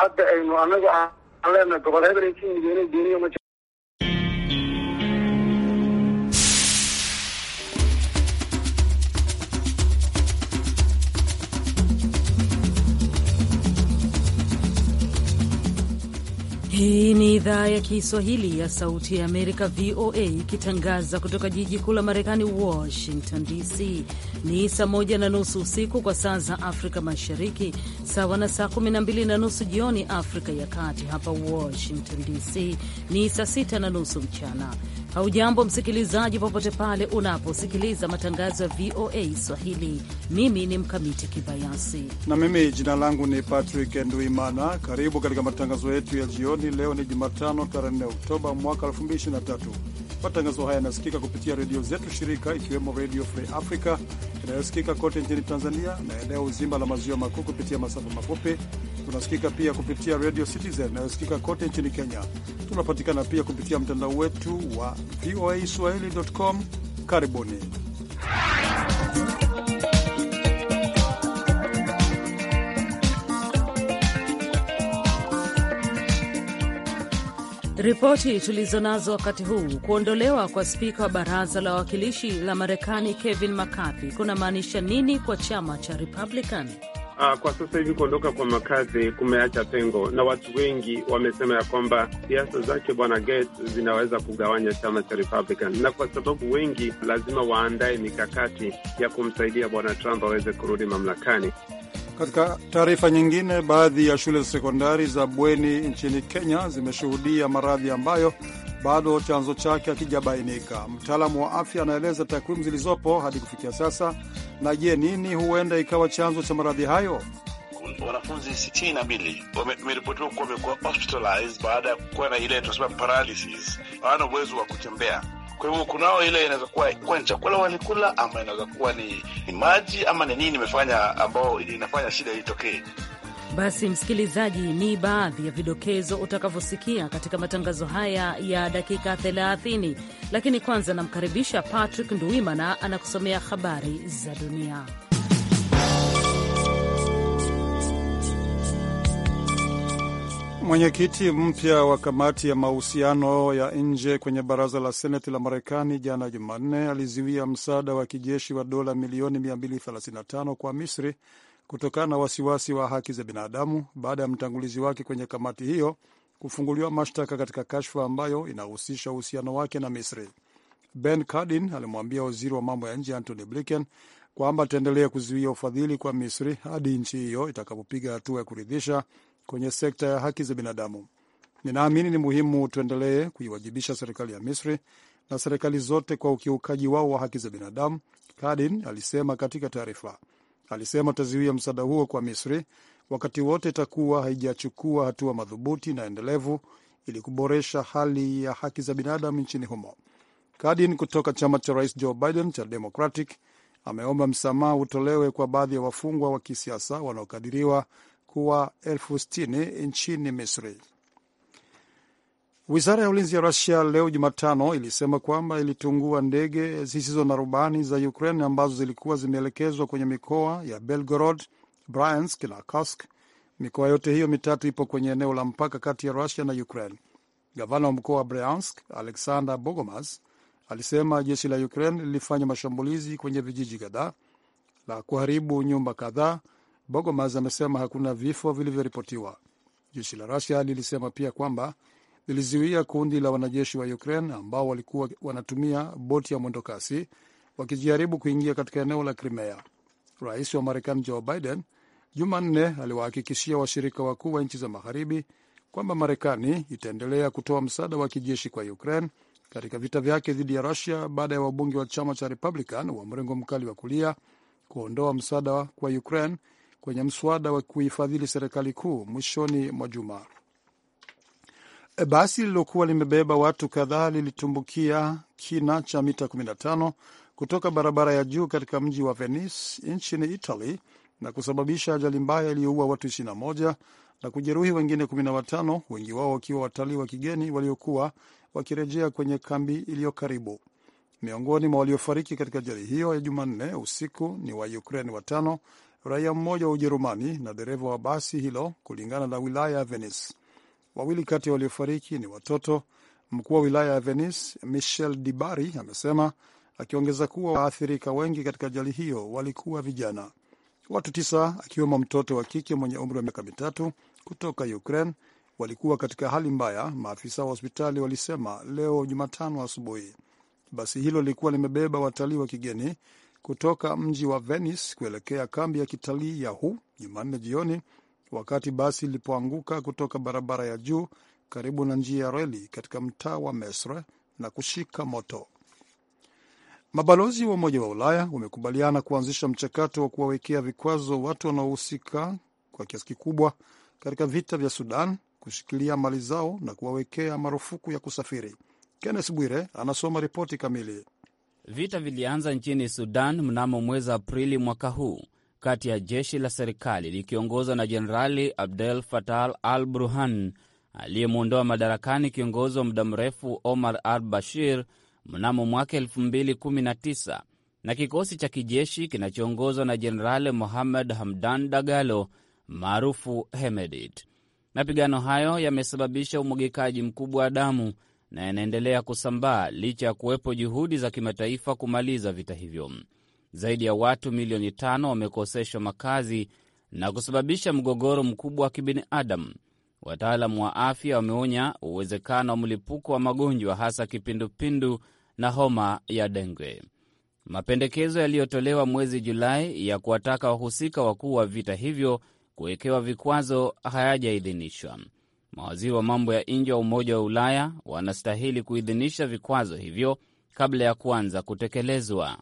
hadda aynu anagu aan leenahay gobol hebel intii midoonay dooniyo ma Hii ni idhaa ya Kiswahili ya Sauti ya Amerika, VOA, ikitangaza kutoka jiji kuu la Marekani, Washington DC. Ni saa moja na nusu usiku kwa saa za Afrika Mashariki, sawa na saa kumi na mbili na nusu jioni Afrika ya Kati. Hapa Washington DC ni saa sita na nusu mchana. Haujambo msikilizaji, popote pale unaposikiliza matangazo ya VOA Swahili. Mimi ni Mkamiti Kibayasi na mimi jina langu ni Patrick Nduimana. Karibu katika matangazo yetu ya jioni. Leo ni Jumatano, tarehe 4 Oktoba mwaka 2023. Matangazo haya yanasikika kupitia redio zetu shirika, ikiwemo Redio Free Africa inayosikika kote nchini Tanzania na eneo uzima la maziwa makuu kupitia masafa mafupi Tunasikika pia kupitia Radio Citizen inayosikika kote nchini Kenya. Tunapatikana pia kupitia mtandao wetu wa VOA swahili.com. Karibuni. Ripoti tulizo nazo wakati huu: kuondolewa kwa spika wa baraza la wawakilishi la Marekani Kevin McCarthy kunamaanisha nini kwa chama cha Republican? uh, kwa sasa hivi kuondoka kwa makazi kumeacha pengo, na watu wengi wamesema ya kwamba siasa zake bwana Gates zinaweza kugawanya chama cha Republican, na kwa sababu wengi lazima waandae mikakati ya kumsaidia bwana Trump aweze kurudi mamlakani. Katika taarifa nyingine, baadhi ya shule za sekondari za bweni nchini Kenya zimeshuhudia maradhi ambayo bado chanzo chake hakijabainika. Mtaalamu wa afya anaeleza takwimu zilizopo hadi kufikia sasa. Na je, nini huenda ikawa chanzo cha maradhi hayo? Wanafunzi sitini na mbili wameripotiwa kuwa wamekuwa hospitalized baada ya kuwa na ile tunasema paralysis, hawana uwezo wa kutembea. Kwa hivyo kunao ile inaweza kuwa kuwa ni chakula walikula, ama inaweza kuwa ni, ni maji ama ni nini imefanya, ambao inafanya shida itokee. Basi msikilizaji, ni baadhi ya vidokezo utakavyosikia katika matangazo haya ya dakika 30, lakini kwanza namkaribisha Patrick nduimana anakusomea habari za dunia. Mwenyekiti mpya wa kamati ya mahusiano ya nje kwenye baraza la seneti la Marekani jana Jumanne alizuia msaada wa kijeshi wa dola milioni 235 kwa Misri kutokana na wasiwasi wa haki za binadamu baada ya mtangulizi wake kwenye kamati hiyo kufunguliwa mashtaka katika kashfa ambayo inahusisha uhusiano wake na Misri. Ben Cardin alimwambia waziri wa mambo ya nje Antony Blinken kwamba ataendelea kuzuia ufadhili kwa Misri hadi nchi hiyo itakapopiga hatua ya kuridhisha kwenye sekta ya haki za binadamu. Ninaamini ni muhimu tuendelee kuiwajibisha serikali ya Misri na serikali zote kwa ukiukaji wao wa haki za binadamu, Cardin alisema katika taarifa alisema atazuia msaada huo kwa Misri wakati wote itakuwa haijachukua hatua madhubuti na endelevu ili kuboresha hali ya haki za binadamu nchini humo. Kadin kutoka chama cha rais Joe Biden cha Democratic ameomba msamaha utolewe kwa baadhi ya wafungwa wa kisiasa wanaokadiriwa kuwa elfu sitini nchini Misri. Wizara ya ulinzi ya Rusia leo Jumatano ilisema kwamba ilitungua ndege zisizo na rubani za Ukraine ambazo zilikuwa zimeelekezwa kwenye mikoa ya Belgorod, Bryansk na Kursk. Mikoa yote hiyo mitatu ipo kwenye eneo la mpaka kati ya Rusia na Ukraine. Gavana wa mkoa wa Bryansk, Alexander Bogomas, alisema jeshi la Ukraine lilifanya mashambulizi kwenye vijiji kadhaa la kuharibu nyumba kadhaa. Bogomas amesema hakuna vifo vilivyoripotiwa. Jeshi la Rusia lilisema pia kwamba lilizuia kundi la wanajeshi wa Ukraine ambao walikuwa wanatumia boti ya mwendokasi wakijaribu kuingia katika eneo la Crimea. Rais wa Marekani Joe Biden Jumanne aliwahakikishia washirika wakuu wa nchi za magharibi kwamba Marekani itaendelea kutoa msaada wa kijeshi kwa Ukraine katika vita vyake dhidi ya Rusia baada ya wabunge wa chama cha Republican wa mrengo mkali wa kulia kuondoa msaada kwa Ukraine kwenye mswada wa kuifadhili serikali kuu mwishoni mwa juma. Eh, basi lililokuwa limebeba watu kadhaa lilitumbukia kina cha mita 15 kutoka barabara ya juu katika mji wa Venice nchini Italy na kusababisha ajali mbaya iliyoua watu 21 na kujeruhi wengine 15, wengi wao wakiwa watalii wa kigeni waliokuwa wakirejea kwenye kambi iliyo karibu. Miongoni mwa waliofariki katika ajali hiyo ya Jumanne usiku ni wa Ukraine watano, raia mmoja wa Ujerumani na dereva wa basi hilo, kulingana na wilaya ya Venice. Wawili kati ya waliofariki ni watoto. Mkuu wa wilaya ya Venice Michel Dibari amesema akiongeza kuwa waathirika wengi katika ajali hiyo walikuwa vijana. Watu tisa akiwemo mtoto wa kike mwenye umri wa miaka mitatu kutoka Ukraine walikuwa katika hali mbaya, maafisa wa hospitali walisema leo Jumatano asubuhi. Basi hilo lilikuwa limebeba watalii wa kigeni kutoka mji wa Venice kuelekea kambi ya kitalii ya Hu Jumanne jioni wakati basi lilipoanguka kutoka barabara ya juu karibu na njia ya reli katika mtaa wa Mesre na kushika moto. Mabalozi wa Umoja wa Ulaya wamekubaliana kuanzisha mchakato wa kuwawekea vikwazo watu wanaohusika kwa kiasi kikubwa katika vita vya Sudan, kushikilia mali zao na kuwawekea marufuku ya kusafiri. Kenneth Bwire anasoma ripoti kamili. Vita vilianza nchini Sudan mnamo mwezi Aprili mwaka huu kati ya jeshi la serikali likiongozwa na Jenerali Abdel fatal al Burhan aliyemwondoa madarakani kiongozi wa muda mrefu Omar al Bashir mnamo mwaka 2019 na kikosi cha kijeshi kinachoongozwa na Jenerali Mohamed Hamdan Dagalo maarufu Hemedit. Mapigano hayo yamesababisha umwagikaji mkubwa wa damu na yanaendelea kusambaa licha ya kuwepo juhudi za kimataifa kumaliza vita hivyo. Zaidi ya watu milioni tano wamekoseshwa makazi na kusababisha mgogoro mkubwa wa kibinadamu. Wataalamu wa afya wameonya uwezekano wa mlipuko wa magonjwa hasa kipindupindu na homa ya dengue. Mapendekezo yaliyotolewa mwezi Julai ya kuwataka wahusika wakuu wa vita hivyo kuwekewa vikwazo hayajaidhinishwa. Mawaziri wa mambo ya nje wa Umoja wa Ulaya wanastahili kuidhinisha vikwazo hivyo kabla ya kuanza kutekelezwa.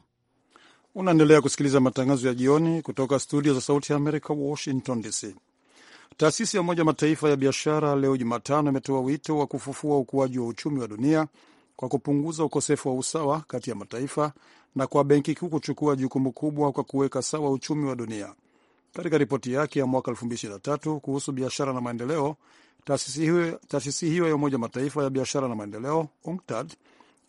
Unaendelea kusikiliza matangazo ya jioni kutoka studio za Sauti ya Amerika, Washington DC. Taasisi ya Umoja Mataifa ya biashara leo Jumatano imetoa wito wa kufufua ukuaji wa uchumi wa dunia kwa kupunguza ukosefu wa usawa kati ya mataifa na kwa benki kuu kuchukua jukumu kubwa kwa kuweka sawa uchumi wa dunia. Katika ripoti yake ya mwaka 2023 kuhusu biashara na maendeleo, taasisi hiyo ya Umoja Mataifa ya biashara na maendeleo UNCTAD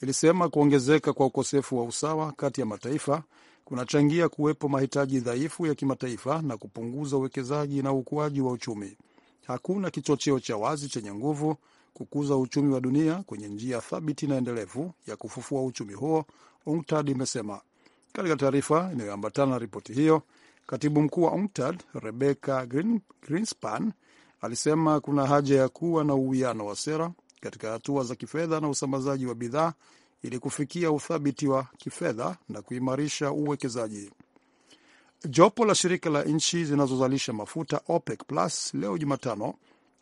ilisema kuongezeka kwa ukosefu wa usawa kati ya mataifa kunachangia kuwepo mahitaji dhaifu ya kimataifa na kupunguza uwekezaji na ukuaji wa uchumi. Hakuna kichocheo cha wazi chenye nguvu kukuza uchumi wa dunia kwenye njia thabiti na endelevu ya kufufua uchumi huo, UNCTAD imesema katika taarifa inayoambatana na ripoti hiyo. Katibu mkuu wa UNCTAD Rebecca Green, Greenspan alisema kuna haja ya kuwa na uwiano wa sera katika hatua za kifedha na usambazaji wa bidhaa ili kufikia uthabiti wa kifedha na kuimarisha uwekezaji. Jopo la shirika la nchi zinazozalisha mafuta OPEC Plus leo Jumatano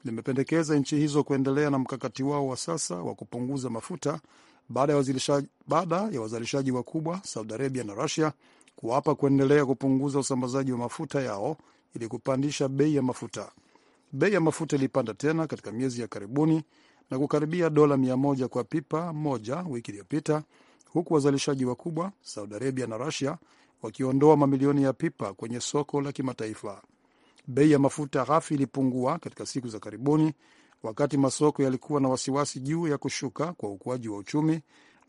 limependekeza nchi hizo kuendelea na mkakati wao wa sasa wa kupunguza mafuta baada ya wazalishaji wakubwa Saudi Arabia na Rusia kuwapa kuendelea kupunguza usambazaji wa mafuta yao ili kupandisha bei ya mafuta. Bei ya mafuta ilipanda tena katika miezi ya karibuni na kukaribia dola mia moja kwa pipa moja wiki iliyopita, huku wazalishaji wakubwa Saudi Arabia na Rusia wakiondoa mamilioni ya pipa kwenye soko la kimataifa. Bei ya mafuta ghafi ilipungua katika siku za karibuni, wakati masoko yalikuwa na wasiwasi juu ya kushuka kwa ukuaji wa uchumi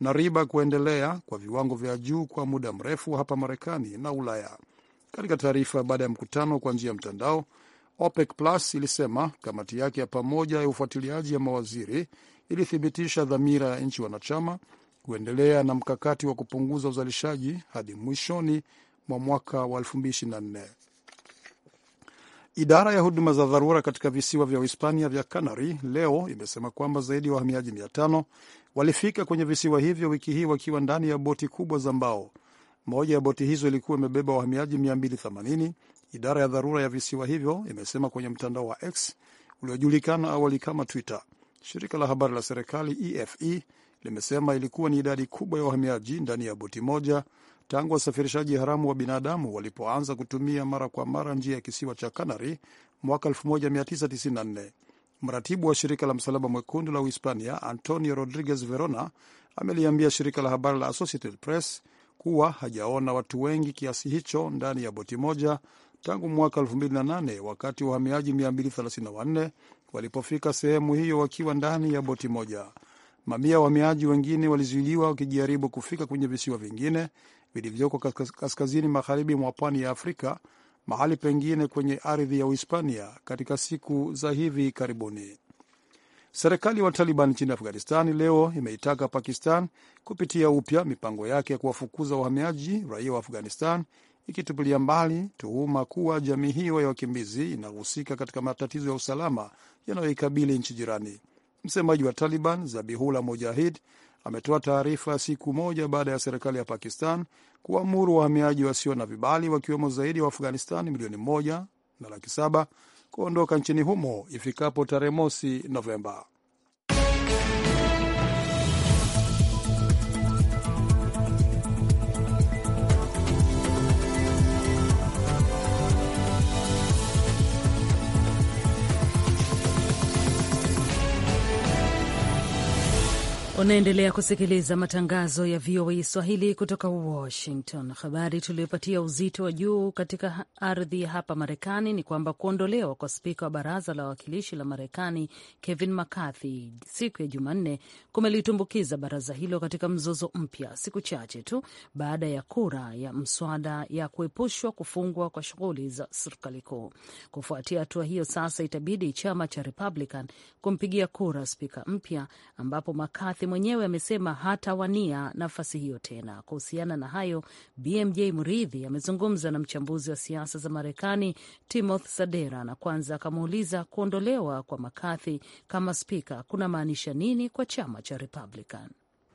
na riba kuendelea kwa viwango vya juu kwa muda mrefu hapa Marekani na Ulaya. Katika taarifa baada ya mkutano kwa njia ya mtandao, OPEC Plus ilisema kamati yake ya pamoja ya ufuatiliaji ya mawaziri ilithibitisha dhamira ya nchi wanachama kuendelea na mkakati wa kupunguza uzalishaji hadi mwishoni mwa mwaka wa 2024. Idara ya huduma za dharura katika visiwa vya Uhispania vya Canary leo imesema kwamba zaidi ya wa wahamiaji 500 walifika kwenye visiwa hivyo wiki hii wakiwa ndani ya boti kubwa za mbao. Moja ya boti hizo ilikuwa imebeba wahamiaji 280 Idara ya dharura ya visiwa hivyo imesema kwenye mtandao wa X uliojulikana awali kama Twitter. Shirika la habari la serikali EFE e, limesema ilikuwa ni idadi kubwa ya wahamiaji ndani ya boti moja tangu wasafirishaji haramu wa binadamu walipoanza kutumia mara kwa mara njia ya kisiwa cha Canary mwaka 1994. Mratibu wa shirika la Msalaba Mwekundu la Uhispania, Antonio Rodriguez Verona, ameliambia shirika la habari la Associated Press kuwa hajaona watu wengi kiasi hicho ndani ya boti moja tangu mwaka 2008 wakati wahamiaji 234 walipofika sehemu hiyo wakiwa ndani ya boti moja. Mamia wahamiaji wengine walizuiliwa wakijaribu kufika kwenye visiwa vingine vilivyoko kaskazini magharibi mwa pwani ya Afrika, mahali pengine kwenye ardhi ya Uhispania katika siku za hivi karibuni. Serikali wa Taliban nchini Afghanistan leo imeitaka Pakistan kupitia upya mipango yake ya kuwafukuza wahamiaji raia wa Afghanistan ikitupilia mbali tuhuma kuwa jamii hiyo ya wakimbizi inahusika katika matatizo ya usalama yanayoikabili nchi jirani. Msemaji wa Taliban Zabihullah Mujahid ametoa taarifa siku moja baada ya serikali ya Pakistan kuamuru wahamiaji wasio na vibali wakiwemo zaidi wa Afghanistan milioni moja na laki saba kuondoka nchini humo ifikapo tarehe mosi Novemba. Unaendelea kusikiliza matangazo ya VOA Swahili kutoka Washington. Habari tuliyopatia uzito wa juu katika ardhi ya hapa Marekani ni kwamba kuondolewa kwa spika wa baraza la wawakilishi la Marekani Kevin McCarthy siku ya Jumanne kumelitumbukiza baraza hilo katika mzozo mpya, siku chache tu baada ya kura ya mswada ya kuepushwa kufungwa kwa shughuli za serikali kuu. Kufuatia hatua hiyo, sasa itabidi chama cha Republican kumpigia kura spika mpya ambapo McCarthy mwenyewe amesema hatawania nafasi hiyo tena. Kuhusiana na hayo, BMJ Mridhi amezungumza na mchambuzi wa siasa za Marekani Timothy Sadera, na kwanza akamuuliza kuondolewa kwa McCarthy kama spika kuna maanisha nini kwa chama cha Republican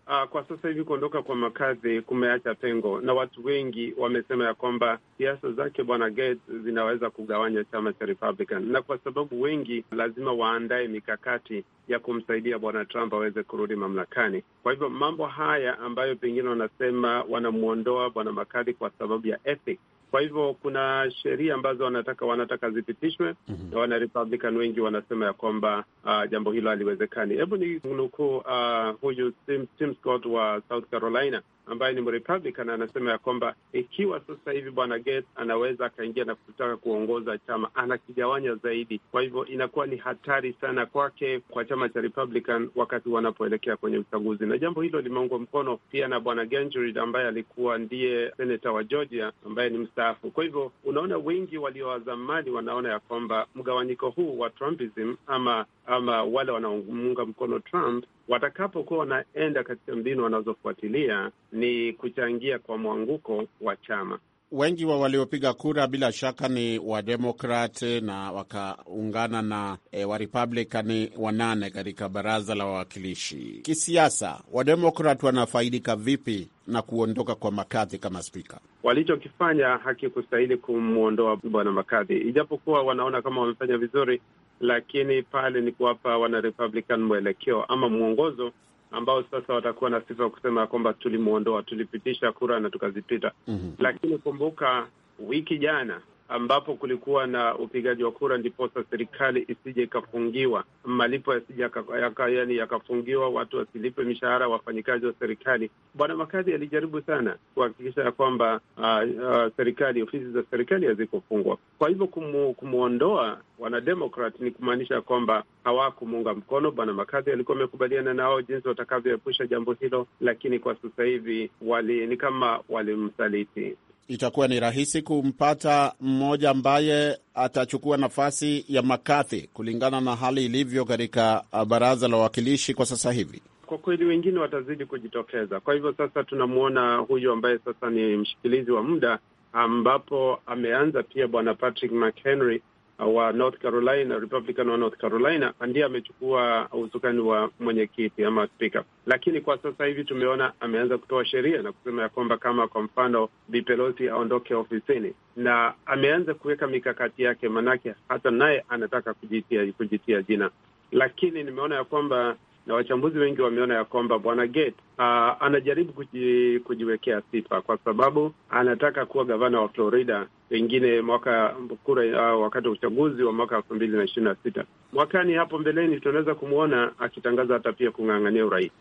uh, kwa sasa hivi kuondoka kwa makazi kumeacha pengo, na watu wengi wamesema ya kwamba siasa zake bwana Gates zinaweza kugawanya chama cha Republican, na kwa sababu wengi lazima waandae mikakati ya kumsaidia bwana Trump aweze kurudi mamlakani. Kwa hivyo mambo haya ambayo pengine wanasema wanamwondoa bwana McCarthy kwa sababu ya ethics kwa hivyo kuna sheria ambazo wanataka wanataka zipitishwe mm -hmm. na wana Republican wengi wanasema ya kwamba uh, jambo hilo haliwezekani. Hebu ni mnukuu uh, ah, huyu Tim, Tim Scott wa South Carolina ambaye ni Mrepublican anasema ya kwamba ikiwa sasa hivi bwana Gates anaweza akaingia na kutaka kuongoza chama, anakigawanya zaidi. Kwa hivyo inakuwa ni hatari sana kwake, kwa chama cha Republican wakati wanapoelekea kwenye uchaguzi, na jambo hilo limeungwa mkono pia na bwana Gentry ambaye alikuwa ndiye senata wa Georgia ambaye ni mstaafu. Kwa hivyo unaona, wengi walio wazamani wanaona ya kwamba mgawanyiko huu wa Trumpism ama ama wale wanaomuunga mkono Trump watakapokuwa wanaenda katika mbinu wanazofuatilia ni kuchangia kwa mwanguko wa chama. Wengi wa waliopiga kura bila shaka ni wademokrati na wakaungana na e, warepublikani wanane katika baraza la wawakilishi. Kisiasa, wademokrat wanafaidika vipi na kuondoka kwa makadhi kama spika? Walichokifanya hakikustahili kumwondoa bwana Makadhi, ijapokuwa wanaona kama wamefanya vizuri, lakini pale ni kuwapa wana Republican mwelekeo ama mwongozo ambao sasa watakuwa na sifa kusema ya kwamba tulimwondoa, tulipitisha kura na tukazipita. mm -hmm. Lakini kumbuka wiki jana ambapo kulikuwa na upigaji wa kura, ndiposa serikali isije ikafungiwa, malipo yasije yaka, yani yakafungiwa, watu wasilipe mishahara wafanyikazi wa serikali. Bwana Makazi alijaribu sana kuhakikisha ya kwamba uh, uh, serikali ofisi za serikali hazikufungwa. Kwa hivyo kumu, kumwondoa wanademokrat ni kumaanisha kwamba hawakumuunga mkono. Bwana Makazi alikuwa amekubaliana nao jinsi watakavyoepusha jambo hilo, lakini kwa sasa hivi wali ni kama walimsaliti itakuwa ni rahisi kumpata mmoja ambaye atachukua nafasi ya McCarthy kulingana na hali ilivyo katika uh, baraza la wawakilishi kwa sasa hivi? Kwa kweli wengine watazidi kujitokeza. Kwa hivyo sasa tunamwona huyu ambaye sasa ni mshikilizi wa muda ambapo ameanza pia bwana Patrick McHenry Uh, wa North Carolina, Republican wa North Carolina, ndiye amechukua usukani wa mwenyekiti ama spika. Lakini kwa sasa hivi tumeona ameanza kutoa sheria na kusema ya kwamba kama kwa mfano Bi Pelosi aondoke ofisini, na ameanza kuweka mikakati yake, manake hata naye anataka kujitia, kujitia jina. Lakini nimeona ya kwamba na wachambuzi wengi wameona ya kwamba bwana Gates uh, anajaribu kuji, kujiwekea sifa kwa sababu anataka kuwa gavana wa Florida pengine mwaka kura, uh, wakati wa uchaguzi wa mwaka elfu mbili na ishirini na sita mwakani hapo mbeleni, tunaweza kumwona akitangaza hata pia kung'ang'ania urais.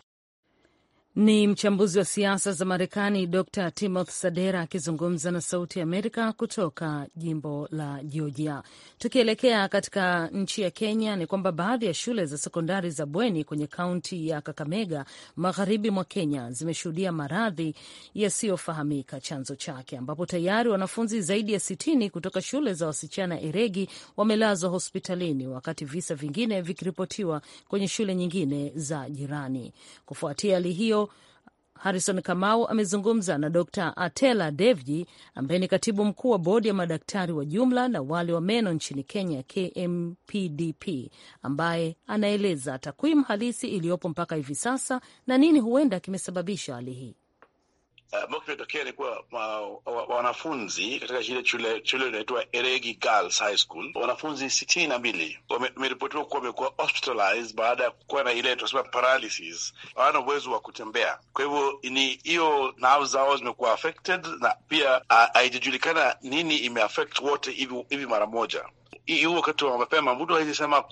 Ni mchambuzi wa siasa za Marekani Dr Timothy Sadera akizungumza na Sauti ya Amerika kutoka jimbo la Georgia. Tukielekea katika nchi ya Kenya, ni kwamba baadhi ya shule za sekondari za bweni kwenye kaunti ya Kakamega, magharibi mwa Kenya, zimeshuhudia maradhi yasiyofahamika chanzo chake, ambapo tayari wanafunzi zaidi ya sitini kutoka shule za wasichana Eregi wamelazwa hospitalini, wakati visa vingine vikiripotiwa kwenye shule nyingine za jirani. Kufuatia hali hiyo harison Harrison Kamau amezungumza na Dr. Atela Devji ambaye ni katibu mkuu wa bodi ya madaktari wa jumla na wale wa meno nchini Kenya KMPDP, ambaye anaeleza takwimu halisi iliyopo mpaka hivi sasa na nini huenda kimesababisha hali hii. Uh, eh, mokitokea ilikuwa wanafunzi katika shule shule inaitwa Eregi Girls High School, wanafunzi sitini na mbili wameripotiwa kuwa wamekuwa hospitalized baada ya kuwa na ile tunasema paralysis, hawana uwezo wa kutembea. Kwa hivyo ni hiyo nerve zao zimekuwa affected, na pia ah, haijajulikana nini imeaffect wote hivi mara moja huu wakati wa mapema, mtu hawezi sema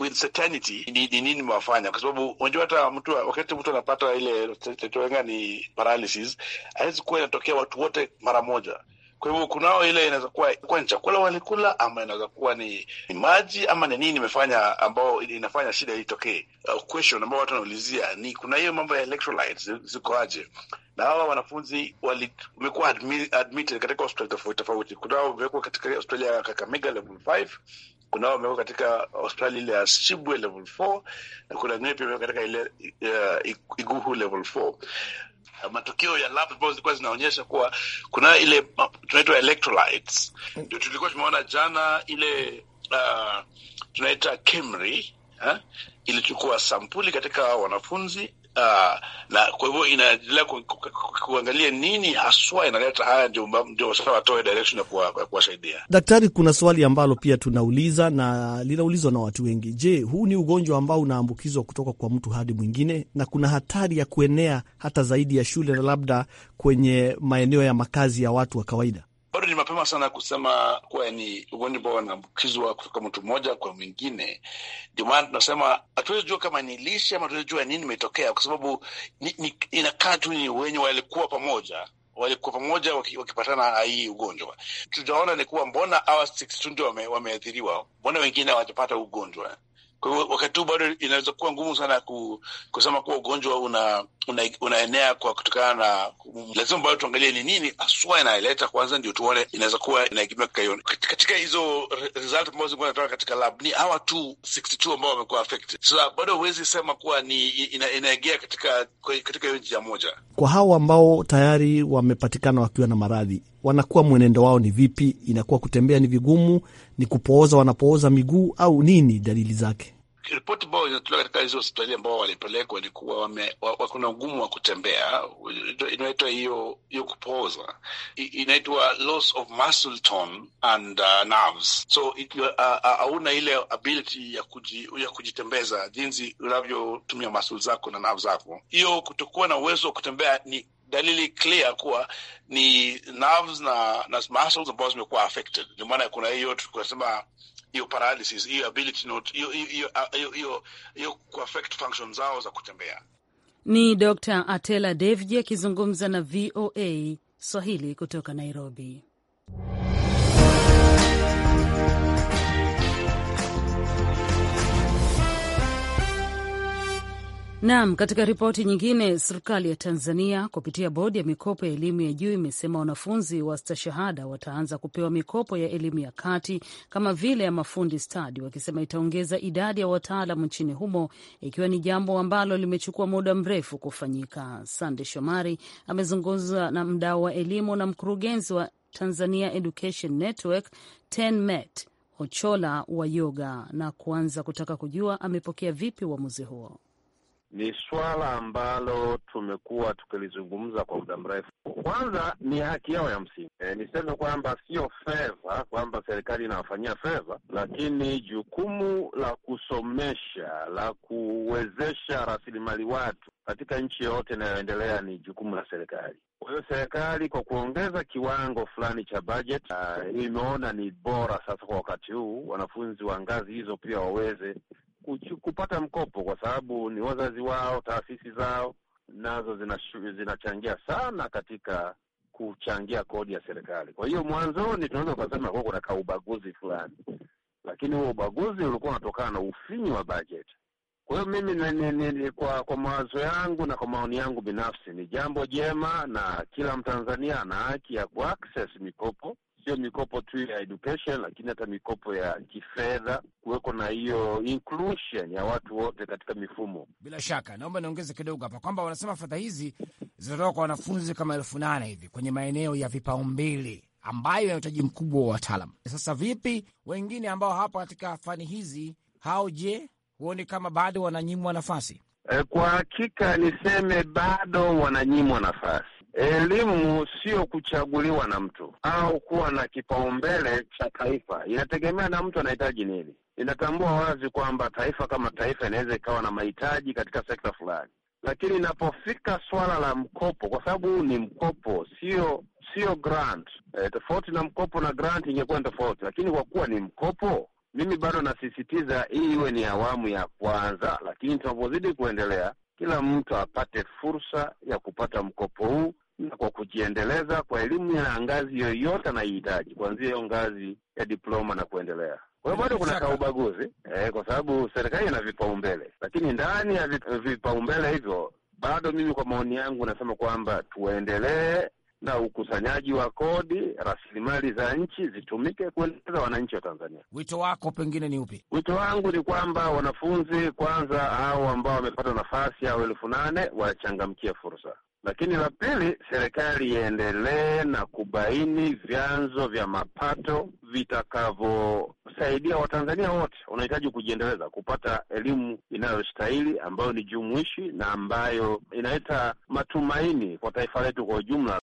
with certainty ni nini mewafanya, kwa sababu unajua hata mtu wakati mtu anapata ile tetoenga ni paralysis, hawezi kuwa inatokea watu wote mara moja. Kwa hivyo kunao ile inaweza kuwa ni chakula walikula, ama inaweza kuwa ni, ni maji ama ni nini imefanya ambao inafanya shida itokee. Uh, question ambao watu wanaulizia ni kuna hiyo mambo ya electrolytes ziko aje, na hawa wanafunzi wamekuwa admi, admitted katika hospitali tofauti tofauti. Kunao wamewekwa katika hospitali ya Kakamega level 5 kunao wamewekwa katika hospitali ile ya Shibwe level 4 na kuna wengine pia wamewekwa katika ile uh, Iguhu level 4 Eh, matokeo ya lab ambazo zilikuwa zinaonyesha kuwa kuna ile tunaitwa electrolytes, mm. ndio tulikuwa tumeona jana ile uh, tunaita KEMRI, eh, ilichukua sampuli katika wanafunzi Uh, na kwa hivyo inaendelea kuangalia nini haswa inaleta haya, ndio sasa watoe direction ya kuwasaidia. Daktari, kuna swali ambalo pia tunauliza na linaulizwa na watu wengi. Je, huu ni ugonjwa ambao unaambukizwa kutoka kwa mtu hadi mwingine, na kuna hatari ya kuenea hata zaidi ya shule na labda kwenye maeneo ya makazi ya watu wa kawaida? ni mapema sana kusema kuwa ni ugonjwa ambao wanaambukizwa kutoka mtu mmoja kwa mwingine. Ndio maana tunasema hatuwezi jua kama ni lishe ama tuwezi jua nini imetokea, kwa sababu inakaa tu ni wenye walikuwa pamoja walikuwa pamoja wakipatana waki hii ugonjwa. Tujaona ni kuwa mbona hawa 62 wameathiriwa, mbona wengine hawajapata ugonjwa? Kwa wakati huu bado inaweza kuwa ngumu sana ku, kusema kuwa ugonjwa una, una, unaenea kwa kutokana na, lazima bado tuangalie ni nini haswa inaeleta kwanza, ndio tuone inaweza kuwa inaekimia katika hizo result ambazo zilikuwa zinatoka katika lab. Ni hawa tu 62 ambao wamekuwa affected, so bado huwezi sema kuwa ni ina, inaegea katika katika hiyo njia moja. Kwa hao ambao tayari wamepatikana wakiwa na maradhi, wanakuwa mwenendo wao ni vipi? Inakuwa kutembea ni vigumu ni kupooza wanapooza miguu au nini dalili zake? Ripoti ambayo inatolewa katika hizo hospitali ambao walipelekwa ni kuwa wako na ugumu wa kutembea, inaitwa hiyo hiyo kupooza, inaitwa loss of muscle tone and uh, nerves, so hauna uh, uh, ile ability ya, kuji, ya kujitembeza jinsi unavyotumia muscle zako na nerves zako. Hiyo kutokuwa na uwezo wa kutembea ni dalili clear kuwa ni nerves na, na muscles ambazo zimekuwa affected. Ndio maana kuna hiyo tunasema hiyo paralysis, hiyo ability not hiyo hiyo hiyo hiyo hiyo ku affect function zao za kutembea. Ni Dr. Atela Devji akizungumza na VOA Swahili kutoka Nairobi. Naam, katika ripoti nyingine, serikali ya Tanzania kupitia bodi ya mikopo ya elimu ya juu imesema wanafunzi wa stashahada wataanza kupewa mikopo ya elimu ya kati kama vile ya mafundi stadi, wakisema itaongeza idadi ya wataalamu nchini humo, ikiwa ni jambo ambalo limechukua muda mrefu kufanyika. Sande Shomari amezungumza na mdau wa elimu na mkurugenzi wa Tanzania Education Network TENMET Ochola wa Yoga, na kuanza kutaka kujua amepokea vipi uamuzi huo ni swala ambalo tumekuwa tukilizungumza kwa muda mrefu. Kwanza ni haki yao ya msingi e, niseme kwamba sio fedha, kwamba serikali inawafanyia fedha, lakini jukumu la kusomesha, la kuwezesha rasilimali watu katika nchi yoyote inayoendelea ni jukumu la serikali. Kwa hiyo serikali kwa kuongeza kiwango fulani cha budget ah, imeona ni bora sasa kwa wakati huu wanafunzi wa ngazi hizo pia waweze kuchu, kupata mkopo kwa sababu ni wazazi wao, taasisi zao nazo zinachangia sana katika kuchangia kodi ya serikali. Kwa hiyo mwanzoni tunaweza ukasema kuwa kuna ubaguzi fulani, lakini huo ubaguzi ulikuwa unatokana na ufinyi wa bajeti. Kwa hiyo mimi ni, ni, ni, ni, kwa kwa mawazo yangu na kwa maoni yangu binafsi ni jambo jema, na kila Mtanzania ana haki ya kuaccess mikopo sio mikopo tu ya education, lakini hata mikopo ya kifedha, kuweko na hiyo inclusion ya watu wote katika mifumo. Bila shaka, naomba niongeze kidogo hapa kwamba wanasema fedha hizi zinatoka kwa wanafunzi kama elfu nane hivi kwenye maeneo ya vipaumbele ambayo yana utaji mkubwa wa wataalam. Sasa vipi wengine ambao hapo katika fani hizi hao, je, huoni kama bado wananyimwa nafasi? Eh, kwa hakika niseme bado wananyimwa nafasi, Elimu sio kuchaguliwa na mtu au kuwa na kipaumbele cha taifa, inategemea na mtu anahitaji nini. Inatambua wazi kwamba taifa kama taifa inaweza ikawa na mahitaji katika sekta fulani, lakini inapofika swala la mkopo, kwa sababu huu ni mkopo, sio sio grant. E, tofauti na mkopo na grant ingekuwa ni tofauti, lakini kwa kuwa ni mkopo, mimi bado nasisitiza hii iwe ni awamu ya kwanza, lakini tunapozidi kuendelea, kila mtu apate fursa ya kupata mkopo huu na kwa kujiendeleza kwa elimu ya ngazi yoyote anahitaji, kuanzia hiyo ngazi ya diploma na kuendelea. Kwa hiyo bado kuna kaubaguzi eh, kwa sababu serikali ina vipaumbele, lakini ndani ya vipaumbele hivyo bado mimi kwa maoni yangu nasema kwamba tuendelee na ukusanyaji wa kodi, rasilimali za nchi zitumike kuendeleza wananchi wa Tanzania. Wito wako pengine ni upi? Wito wangu ni kwamba wanafunzi kwanza, au ambao wamepata nafasi au elfu nane wachangamkie fursa. Lakini la pili, serikali iendelee na kubaini vyanzo vya mapato vitakavyosaidia Watanzania wote wanahitaji kujiendeleza, kupata elimu inayostahili ambayo ni jumuishi na ambayo inaleta matumaini kwa taifa letu kwa ujumla.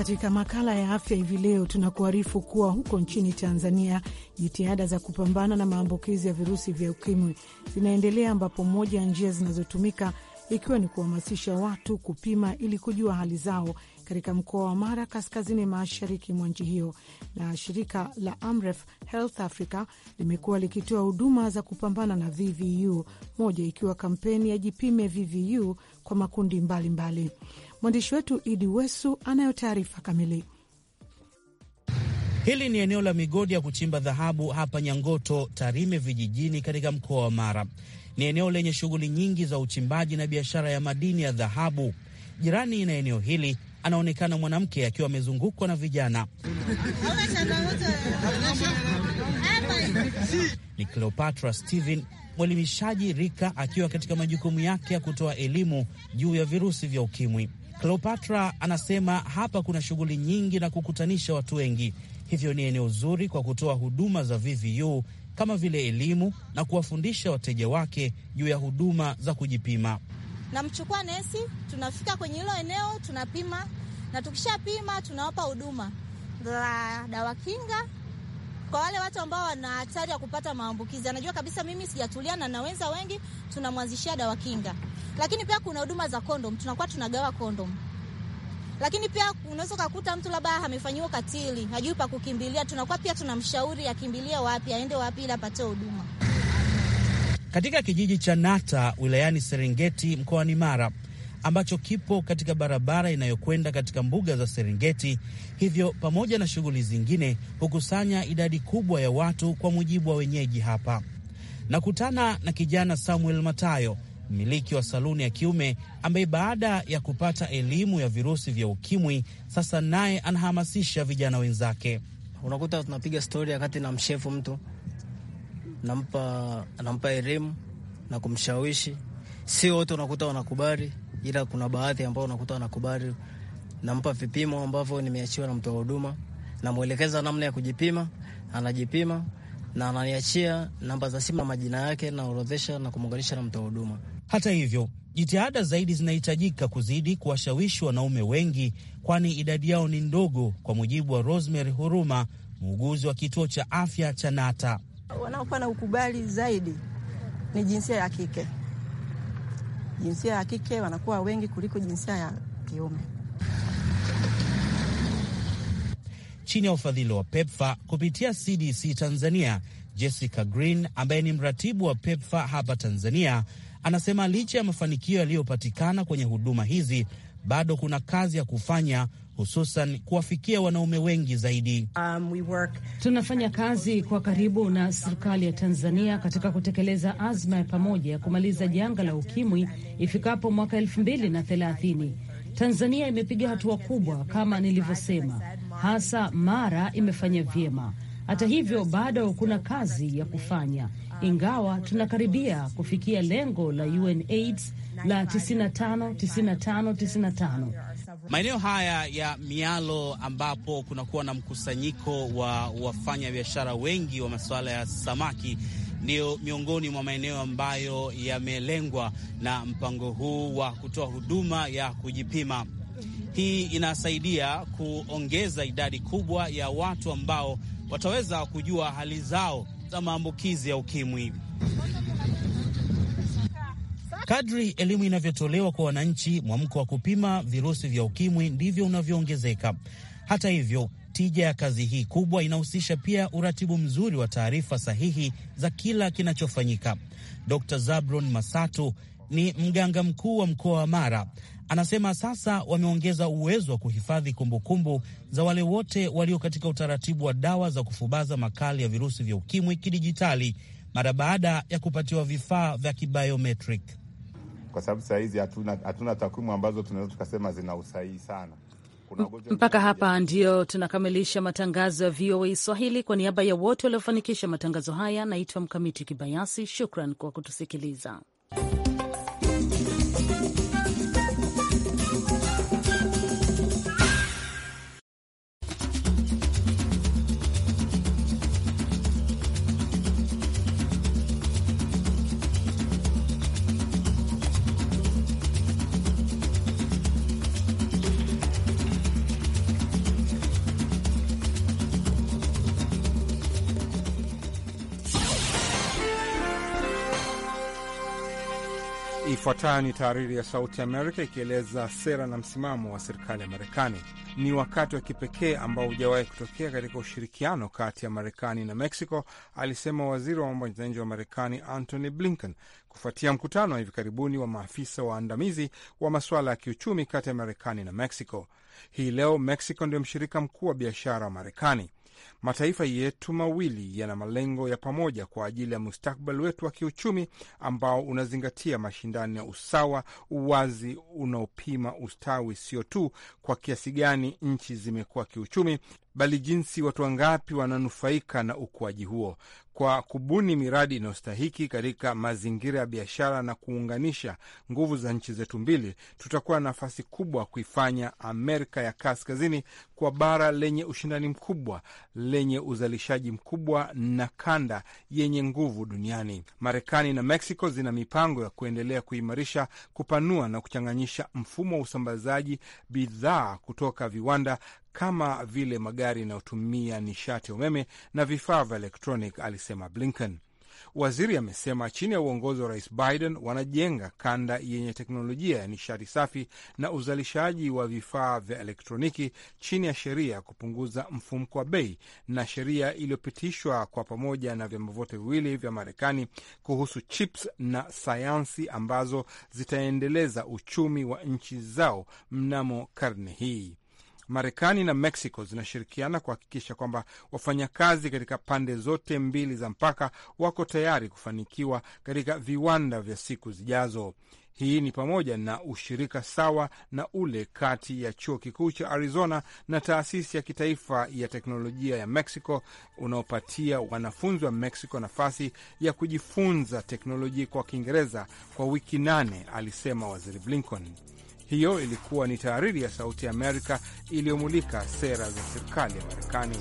Katika makala ya afya hivi leo tunakuarifu kuwa huko nchini Tanzania jitihada za kupambana na maambukizi ya virusi vya ukimwi zinaendelea, ambapo moja ya njia zinazotumika ikiwa ni kuhamasisha watu kupima ili kujua hali zao katika mkoa wa Mara kaskazini mashariki mwa nchi hiyo. Na shirika la Amref Health Africa limekuwa likitoa huduma za kupambana na VVU, moja ikiwa kampeni ya Jipime VVU kwa makundi mbalimbali mbali. Mwandishi wetu Idi Wesu anayo taarifa kamili. Hili ni eneo la migodi ya kuchimba dhahabu hapa Nyangoto, Tarime vijijini katika mkoa wa Mara. Ni eneo lenye shughuli nyingi za uchimbaji na biashara ya madini ya dhahabu. Jirani na eneo hili anaonekana mwanamke akiwa amezungukwa na vijana. Ni Cleopatra Steven, mwelimishaji rika, akiwa katika majukumu yake ya kutoa elimu juu ya virusi vya ukimwi. Cleopatra anasema hapa kuna shughuli nyingi na kukutanisha watu wengi, hivyo ni eneo zuri kwa kutoa huduma za VVU kama vile elimu na kuwafundisha wateja wake juu ya huduma za kujipima. Namchukua nesi, tunafika kwenye hilo eneo, tunapima na tukishapima tunawapa huduma la dawa kinga kwa wale watu ambao wana hatari ya kupata maambukizi, anajua kabisa mimi sijatuliana na wenza wengi, tunamwanzishia dawa kinga. Lakini pia kuna huduma za kondom, tunakuwa tunagawa kondom. Lakini pia unaweza ukakuta mtu labda amefanyiwa ukatili, hajui pa kukimbilia, tunakuwa pia tunamshauri akimbilie wapi, aende wapi ili apate huduma. Katika kijiji cha Nata wilayani Serengeti mkoani Mara ambacho kipo katika barabara inayokwenda katika mbuga za Serengeti, hivyo pamoja na shughuli zingine hukusanya idadi kubwa ya watu, kwa mujibu wa wenyeji hapa. Nakutana na kijana Samuel Matayo, mmiliki wa saluni ya kiume ambaye baada ya kupata elimu ya virusi vya ukimwi sasa naye anahamasisha vijana wenzake. Unakuta tunapiga stori wakati na mshefu mtu nampa, nampa elimu na kumshawishi. Si wote unakuta wanakubali, ila kuna baadhi ambao unakuta wanakubali. Nampa vipimo ambavyo nimeachiwa na mtoa huduma, namwelekeza namna ya kujipima, anajipima na ananiachia namba za simu na majina yake, naorodhesha na kumuunganisha na mtoa huduma. Hata hivyo, jitihada zaidi zinahitajika kuzidi kuwashawishi wanaume wengi, kwani idadi yao ni ndogo, kwa mujibu wa Rosemary Huruma, muuguzi wa kituo cha afya cha Nata. Wanaokuwa na ukubali zaidi ni jinsia ya kike jinsia ya kike wanakuwa wengi kuliko jinsia ya kiume. Chini ya ufadhili wa PEPFA kupitia CDC Tanzania, Jessica Green ambaye ni mratibu wa PEPFA hapa Tanzania anasema licha ya mafanikio yaliyopatikana kwenye huduma hizi bado kuna kazi ya kufanya hususan kuwafikia wanaume wengi zaidi. Um, we work... tunafanya kazi kwa karibu na serikali ya Tanzania katika kutekeleza azma ya pamoja ya kumaliza janga la ukimwi ifikapo mwaka elfu mbili na thelathini. Tanzania imepiga hatua kubwa kama nilivyosema, hasa Mara imefanya vyema hata hivyo, bado kuna kazi ya kufanya, ingawa tunakaribia kufikia lengo la UNAIDS la 95 95 95. Maeneo haya ya mialo ambapo kunakuwa na mkusanyiko wa wafanya biashara wengi wa masuala ya samaki ndiyo miongoni mwa maeneo ambayo yamelengwa na mpango huu wa kutoa huduma ya kujipima. Hii inasaidia kuongeza idadi kubwa ya watu ambao wataweza kujua hali zao za maambukizi ya ukimwi. Kadri elimu inavyotolewa kwa wananchi, mwamko wa kupima virusi vya ukimwi ndivyo unavyoongezeka. Hata hivyo, tija ya kazi hii kubwa inahusisha pia uratibu mzuri wa taarifa sahihi za kila kinachofanyika. Dr Zabron Masatu ni mganga mkuu wa mkoa wa Mara Anasema sasa wameongeza uwezo wa kuhifadhi kumbukumbu za wale wote walio katika utaratibu wa dawa za kufubaza makali ya virusi vya ukimwi kidijitali mara baada ya kupatiwa vifaa vya kibayometric, kwa sababu saa hizi hatuna, hatuna takwimu ambazo tunaweza tukasema zina usahihi sana. Mpaka hapa ndio tunakamilisha matangazo ya VOA Swahili. Kwa niaba ya wote waliofanikisha matangazo haya, naitwa Mkamiti Kibayasi. Shukran kwa kutusikiliza. Ifuatayo ni taariri ya Sauti Amerika ikieleza sera na msimamo wa serikali ya Marekani. Ni wakati wa kipekee ambao hujawahi kutokea katika ushirikiano kati ya Marekani na Mexico, alisema waziri wa mambo ya nje wa Marekani Antony Blinken kufuatia mkutano wa hivi karibuni wa maafisa waandamizi wa masuala ya kiuchumi kati ya Marekani na Mexico. Hii leo Mexico ndio mshirika mkuu wa biashara wa Marekani. Mataifa yetu mawili yana malengo ya pamoja kwa ajili ya mustakabali wetu wa kiuchumi ambao unazingatia mashindano ya usawa, uwazi unaopima ustawi, sio tu kwa kiasi gani nchi zimekuwa kiuchumi, bali jinsi watu wangapi wananufaika na ukuaji huo kwa kubuni miradi inayostahiki katika mazingira ya biashara na kuunganisha nguvu za nchi zetu mbili, tutakuwa na nafasi kubwa kuifanya Amerika ya Kaskazini kwa bara lenye ushindani mkubwa, lenye uzalishaji mkubwa na kanda yenye nguvu duniani. Marekani na Mexico zina mipango ya kuendelea kuimarisha, kupanua na kuchanganyisha mfumo wa usambazaji bidhaa kutoka viwanda kama vile magari yanayotumia nishati ya umeme na vifaa vya elektronic, alisema Blinken. Waziri amesema chini ya uongozi wa Rais Biden wanajenga kanda yenye teknolojia ya nishati safi na uzalishaji wa vifaa vya elektroniki chini ya sheria ya kupunguza mfumko wa bei na sheria iliyopitishwa kwa pamoja na vyama vyote viwili vya Marekani kuhusu chips na sayansi ambazo zitaendeleza uchumi wa nchi zao mnamo karne hii. Marekani na Mexico zinashirikiana kuhakikisha kwamba wafanyakazi katika pande zote mbili za mpaka wako tayari kufanikiwa katika viwanda vya siku zijazo. Hii ni pamoja na ushirika sawa na ule kati ya chuo kikuu cha Arizona na taasisi ya kitaifa ya teknolojia ya Mexico unaopatia wanafunzi wa Mexico nafasi ya kujifunza teknolojia kwa Kiingereza kwa wiki nane, alisema Waziri Blinken. Hiyo ilikuwa ni tahariri ya Sauti ya Amerika iliyomulika sera za serikali ya Marekani.